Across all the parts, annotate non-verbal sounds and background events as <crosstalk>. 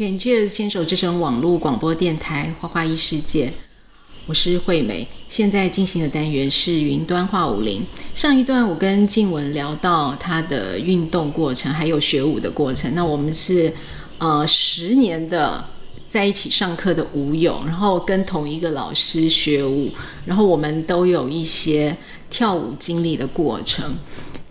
簡介先牽手之聲網絡廣播電臺《花花異世界》，我是惠美。現在進行的單元是《雲端話舞林》。上一段我跟靜文聊到她的運動過程，還有學舞的過程。那我們是呃十年的在一起上課的舞友，然後跟同一個老師學舞，然後我們都有一些跳舞經歷的過程。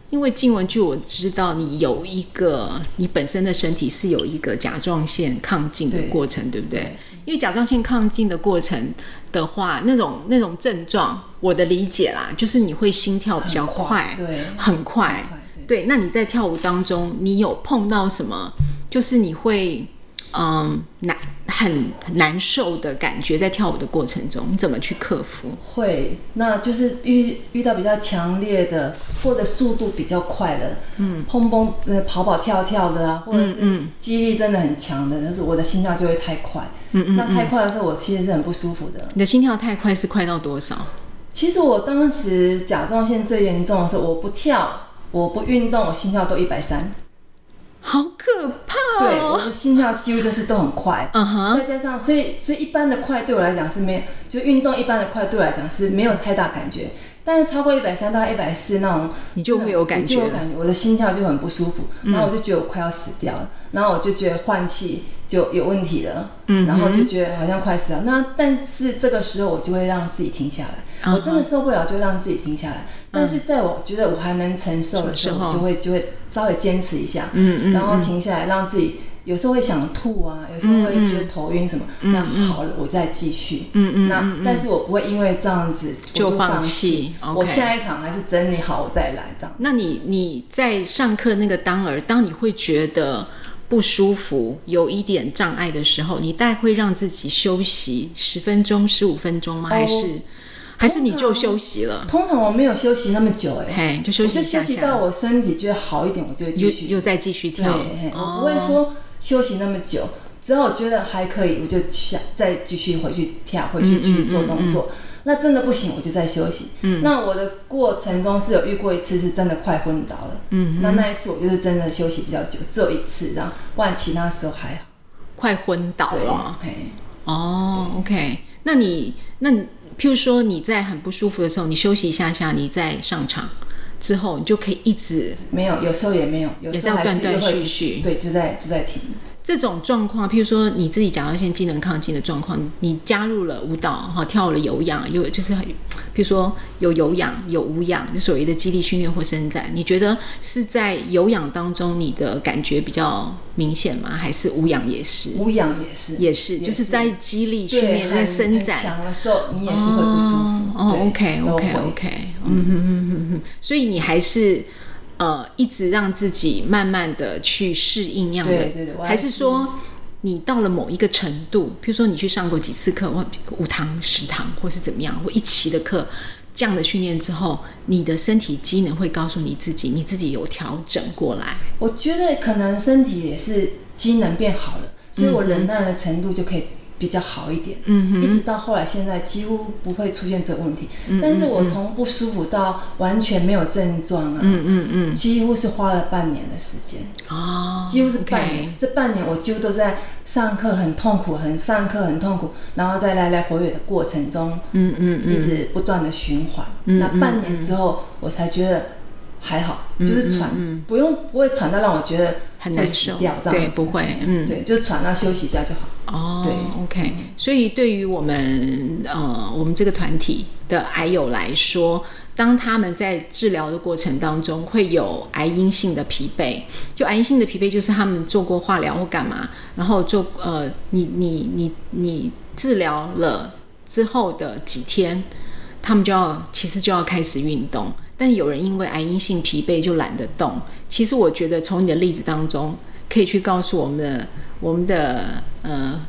因為靜文據我知道，你有一個你本身的身體是有一個甲狀腺亢進的過程，對，對不對？因為甲狀腺亢進的過程的話，那種那種症狀，我的理解啦，就是你會心跳比較快，對，很快，對，很快對，對。那你在跳舞當中，你有碰到什麼？就是你會。嗯，難，很難受的感覺，在跳舞的過程中，你怎麼去克服？會，那就是遇遇到比較強烈的，或者速度比較快的，嗯，砰砰，呃，跑跑跳跳的啊，或者是，嗯肌力真的很強的，那、嗯嗯、是我的心跳就會太快，嗯嗯，那太快的時候，我其實是很不舒服的。你的心跳太快是快到多少？其實我當時甲狀腺最嚴重的時候，我不跳，我不運動，我心跳都一百三，好可怕。我的心跳幾乎就是都很快，嗯哼、uh huh. 再加上，所以所以一般的快對我來講是沒有，就運動一般的快對我來講是沒有太大感覺，但是超過一百三到一百四那種，你就會有感覺，嗯、就有感覺，我的心跳就很不舒服，嗯、然後我就覺得我快要死掉了，然後我就覺得換氣就有問題了，嗯哼，然後就覺得好像快死了，那但是這個時候我就會讓自己停下來，uh huh. 我真的受不了就讓自己停下來，uh huh. 但是在我覺得我還能承受的時候，時候我就會就會稍微堅持一下，嗯嗯，嗯嗯，然後停下來讓自己。有時候會想吐啊，有時候會覺得頭暈什麼，那好了，我再繼續。嗯嗯。那但是我不會因為這樣子就放棄。我下一場還是整理好我再來這樣。那你你在上課那個當兒，當你會覺得不舒服、有一點障礙的時候，你大概會讓自己休息十分鐘、十五分鐘嗎？還是還是你就休息了？通常我沒有休息那麼久哎。嘿，就休息一下，就休息到我身體覺得好一點，我就又又再繼續跳。哦，不會說。休息那麼久，之後覺得還可以，我就想再繼續回去跳，回去去做動作。嗯嗯嗯、那真的不行，我就再休息。嗯、那我的過程中是有遇過一次是真的快昏倒了。嗯嗯、那那一次我就是真的休息比較久，只有一次，然後不然其他時候還好。快昏倒了。對哦對，OK 那。那你那譬如說你在很不舒服的時候，你休息一下下，你再上場。之後你就可以一直斷斷續續續沒有，有時候也沒有，有時候還是斷斷續續，對，就在就在停。這種狀況，譬如說你自己講到甲狀腺機能亢進的狀況，你你加入了舞蹈哈，跳了有氧，有就是很，譬如說有有氧，有無氧，所謂的肌力訓練或伸展，你覺得是在有氧當中你的感覺比較明顯嗎？還是無氧也是？無氧也是，也是，就是在肌力訓練、在伸展的時候，你也是會不舒服。哦，OK，OK，OK。嗯哼，哼哼哼哼，所以你還是呃一直讓自己慢慢的去適應這樣的，對對對，還是說你到了某一個程度，比如說你去上過幾次課或五堂、十堂，或是怎麼樣或一期的課這樣的訓練之後，你的身體機能會告訴你自己，你自己有調整過來。我覺得可能身體也是機能變好了，嗯嗯，所以我忍耐的程度就可以。比較好一點，嗯嗯哼，一直到後來現在幾乎不會出現這個問題，嗯，嗯嗯但是我從不舒服到完全沒有症狀啊，嗯嗯嗯，嗯嗯幾乎是花了半年的時間，啊、哦，幾乎是半年，Okay. 這半年我幾乎都在上課很痛苦，很上課很痛苦，然後在來來回回的過程中，嗯嗯，嗯一直不斷的循環，嗯，嗯那半年之後我才覺得。還好，就是喘，嗯嗯嗯、不用不會喘到讓我覺得很難受對，不會，嗯，對，就喘到，休息一下就好。哦，對，OK。所以對於我們呃我們這個團體的癌友來說，當他們在治療的過程當中會有癌因性的疲憊，就癌因性的疲憊就是他們做過化療或幹嘛，然後做呃你你你你治療了之後的幾天，他們就要其實就要開始運動。但有人因為癌因性疲憊就懶得動，其實我覺得從你的例子當中可以去告訴我們的，我們的呃，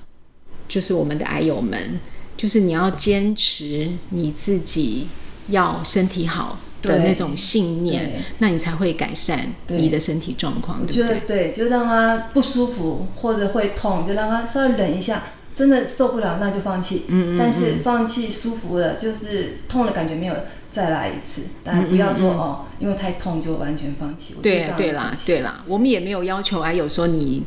就是我們的癌友們，就是你要堅持你自己要身體好的那種信念，那你才會改善你的身體狀況。對對，對，不對，對，就讓他不舒服或者會痛，就讓他稍微忍一下。真的受不了那就放棄，嗯，嗯，嗯。但是放棄舒服了，就是痛的感覺沒有再來一次，但不要說，嗯嗯嗯哦，因為太痛就完全放棄對。對對啦對啦，我們也沒有要求哎，還有說你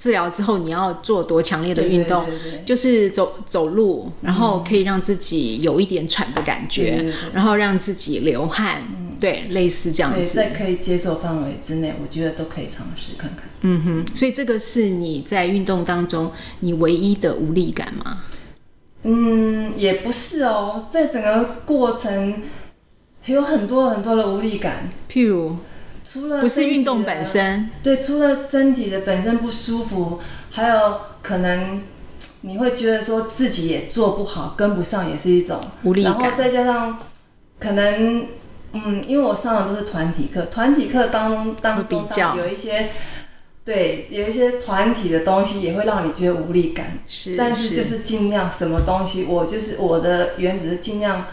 治療之後你要做多強烈的運動，對對對對，就是走走路，然後可以讓自己有一點喘的感覺，對對對，然後讓自己流汗。對對對對，類似這樣子，對，在可以接受範圍之內，我覺得都可以嘗試看看。嗯哼，所以這個是你在運動當中你唯一的無力感嗎？嗯，也不是哦，在整個過程還有很多很多的無力感，譬如除了不是運動本身，對，除了身體的本身不舒服，還有可能你會覺得說自己也做不好，跟不上也是一種無力感，然後再加上可能。嗯，因為我上的都是團體課，團體課當當中有一些，對，有一些團體的東西也會讓你覺得無力感，是，是但是就是盡量什麼東西，我就是我的原則盡量。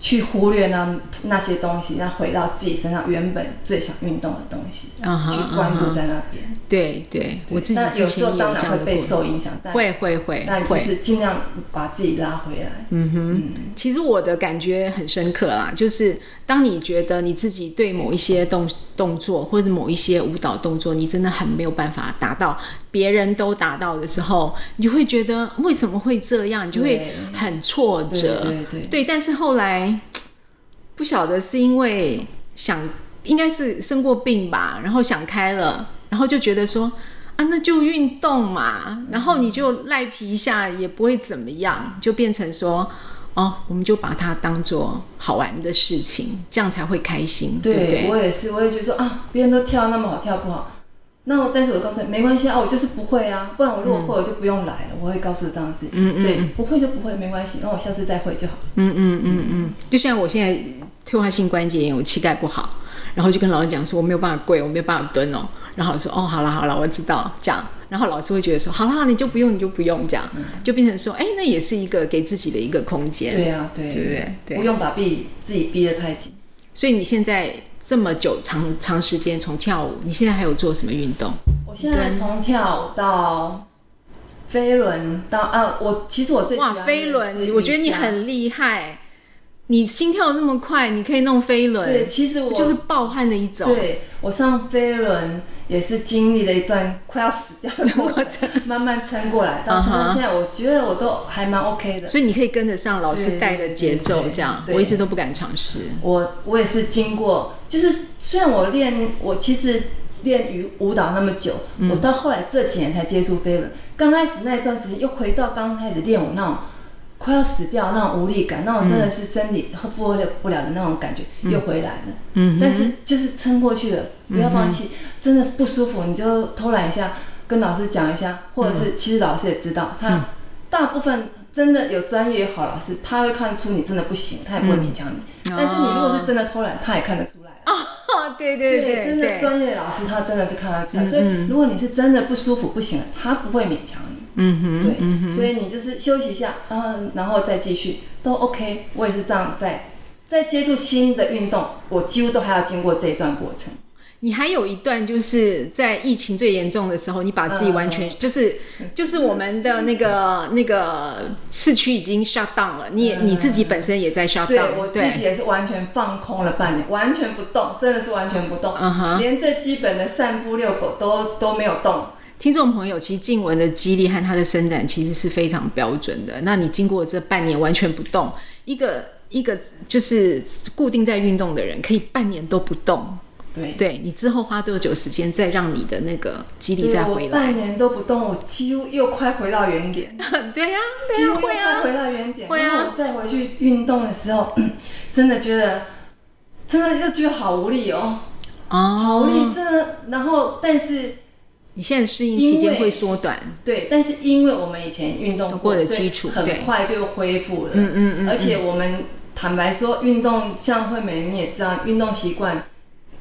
去忽略那那些東西，然後回到自己身上原本最想運動的東西，uh huh, 去關注在那邊。uh huh, 對對，我自己有時候當然會被受影響，會會會，會會，但就是儘量把自己拉回來。嗯哼，嗯。其實我的感覺很深刻啦，就是當你覺得你自己對某一些東西。動作或者某一些舞蹈動作，你真的很沒有辦法達到，別人都達到的時候，你會覺得為什麼會這樣？你就會很挫折。對對，對，對，對，但是後來不曉得是因為想，應該是生過病吧，然後想開了，然後就覺得說啊，那就運動嘛，然後你就賴皮一下也不會怎麼樣，就變成說。哦，我們就把它當作好玩的事情，這樣才會開心，對，對，對我也是，我也覺得說啊，別人都跳那麼好，跳不好，那我但是我告訴你，沒關係啊，我就是不會啊，不然我落魄了、嗯、我就不用來了，我會告訴你這樣子，嗯、所以不、嗯、會就不會，沒關係，那我下次再會就好。嗯嗯嗯嗯，嗯嗯嗯就像我現在退化性關節炎，我膝蓋不好，然後就跟老師講說，我沒有辦法跪，我沒有辦法蹲哦。然後說哦，好了好了，我知道這樣。然後老師會覺得說，好了好，你就不用，你就不用這樣，就變成說，哎，那也是一個給自己的一個空間。對啊對對對，對不對？對，不用把逼自己逼得太緊。所以你現在這麼久長長時間從跳舞，你現在還有做什麼運動？我現在從跳舞到飛輪到啊，我其實我最哇飛輪，我覺得你很厲害。你心跳這麼快，你可以弄飛輪。對，其實我就是暴汗的一種。對，我上飛輪也是經歷了一段快要死掉的過程，過慢慢撐過來，到、uh huh. 現在我覺得我都還蠻 OK 的。所以你可以跟着上老師帶的節奏這樣，我一直都不敢嘗試。我我也是經過，就是雖然我練我其實練舞舞蹈那麼久，嗯、我到後來這幾年才接觸飛輪，剛開始那一段時間又回到剛開始練舞那種。快要死掉那種無力感，那種真的是身體負荷不了的那種感覺、嗯、又回來了。嗯哼，但是就是撐過去了，不要放棄。嗯、哼真的是不舒服，你就偷懶一下，跟老師講一下，或者是、嗯、哼其實老師也知道，他大部分真的有專業好老師，他會看出你真的不行，他也不會勉強你。嗯、但是你如果是真的偷懶，他也看得出來。啊，哈，對對對，對，對，真的專業的老師他真的是看得出來。嗯、哼所以如果你是真的不舒服不行了，他不會勉強你。嗯哼，對，嗯哼。所以你就是休息一下，嗯，然後再繼續都 OK，我也是這樣，在在接觸新的運動，我幾乎都還要經過這一段過程。你還有一段就是在疫情最嚴重的時候，你把自己完全、嗯、就是就是我們的那個、嗯、那個市區已經 shut down 了，你也、嗯、你自己本身也在 shut down，對，對。我自己也是完全放空了半年，完全不動，真的是完全不動，嗯、哼。連最基本的散步遛狗都都沒有動。聽眾朋友，其實靜文的肌力和他的伸展其實是非常標準的。那你經過這半年完全不動，一個一個就是固定在運動的人，可以半年都不動。對，對你之後花多久時間再讓你的那個肌力再回來？半年都不動，我幾乎又快回到原點。對呀、啊，對啊、幾乎又快回到原點。啊啊、然後我再回去運動的時候，啊、 <coughs> 真的覺得，真的就覺得好無力哦。哦。好無力，真的。然後，但是。你現在適應期間會縮短，對，但是因為我們以前運動過,過的基礎，很快就恢復了。嗯嗯嗯。而且我們坦白說，運動像惠美，你也知道，運動習慣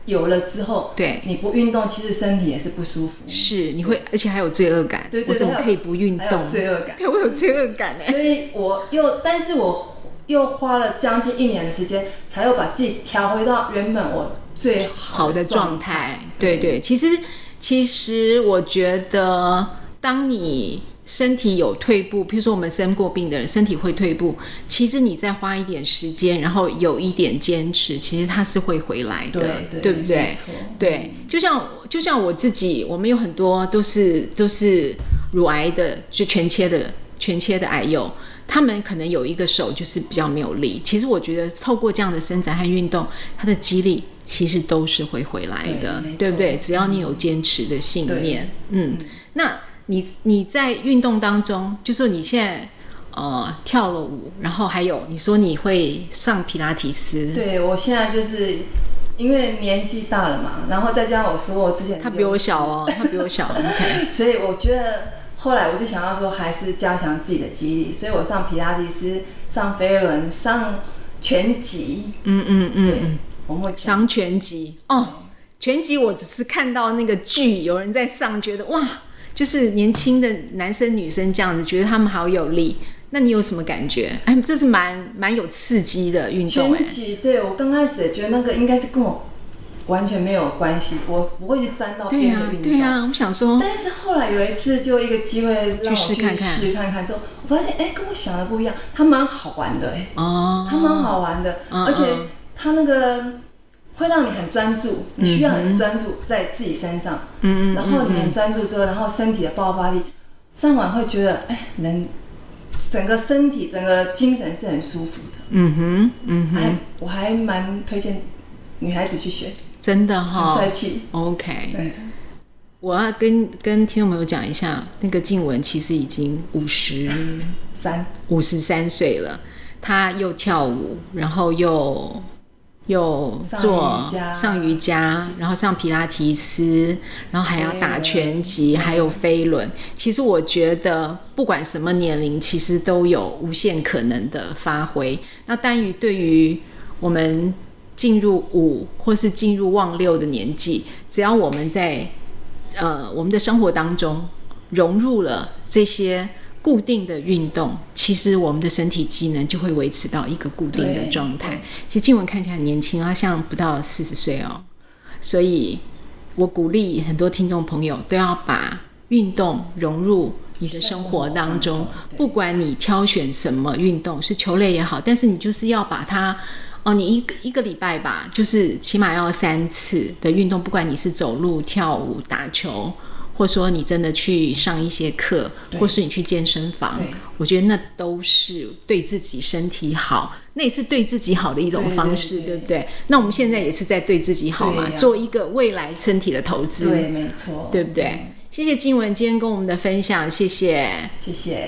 有了之後，對，你不運動其實身體也是不舒服。對是，你會，而且還有罪惡感。對,對,對,對,對我怎麼可以不運動？罪惡感，對我有罪惡感、欸。所以我又，但是我又花了將近一年的時間，才又把自己調回到原本我最好的狀態。對對,對，其實。其實我覺得，當你身體有退步，比如說我們生過病的人，身體會退步。其實你再花一點時間，然後有一點堅持，其實它是會回來的，對,對,對不對？沒錯，對。嗯，就像就像我自己，我們有很多都是都是乳癌的，就全切的全切的癌友，他們可能有一個手就是比較沒有力。其實我覺得透過這樣的伸展和運動，它的肌力。其實都是會回來的，對，對不對？只要你有堅持的信念，嗯，嗯。那你你在運動當中，就是，說你現在呃跳了舞，然後還有你說你會上皮拉提斯，對。我現在就是因為年紀大了嘛，然後再加上我說我之前他比我小哦， <laughs> 他比我小，你，okay，看。所以我覺得後來我就想要說，還是加強自己的肌力，所以我上皮拉提斯，上飛輪，上拳擊，嗯。嗯嗯嗯嗯。強拳擊哦，拳擊我、oh, 我只是看到那個劇有人在上，覺得哇，就是年輕的男生女生這樣子，覺得他們好有力。那你有什麼感覺？哎，這是蠻蠻有刺激的運動。拳擊，對我剛開始覺得那個應該是跟我完全沒有關係，我不會去沾到邊的、啊。對呀，對呀，我想說。但是後來有一次就一個機會讓我去試看看，之後我發現哎，跟我想的不一樣，它蠻好玩的哎。哦。它蠻好玩的，嗯、而且。嗯他那個會讓你很專注，你需要很專注在自己身上，嗯哼，然後你很專注之後，然後身體的爆發力，上完會覺得哎，能整個身體、整個精神是很舒服的。嗯哼，嗯哼，還，我還蠻推薦女孩子去學，真的哈、哦，帥氣。OK，對，我要跟跟聽眾朋友講一下，那個靜文其實已經五十三、五十三歲了，她又跳舞，然後又。有做上瑜伽、瑜伽然後上皮拉提斯，然後還要打拳擊、飛輪、嗯、還有飛輪。其實我覺得，不管什麼年齡，其實都有無限可能的發揮。那但於對於我們進入五或是進入望六的年紀，只要我們在呃我們的生活當中融入了這些。固定的運動，其實我們的身體機能就會維持到一個固定的狀態。其實靜文看起來很年輕，好像不到四十歲哦。所以我鼓勵很多聽眾朋友都要把運動融入你的生活當中。嗯、不管你挑選什麼運動，是球類也好，但是你就是要把它哦，你一個一個禮拜吧，就是起碼要三次的運動，不管你是走路、跳舞、打球，或說你真的去上一些課，對或是你去健身房，對我覺得那都是對自己身體好，那也是對自己好的一種方式，對，對，對，對不對？那我們現在也是在對自己好嘛，啊、做一個未來身體的投資，對，沒錯，對不對？對，謝謝靜文今天跟我們的分享，謝謝，謝謝。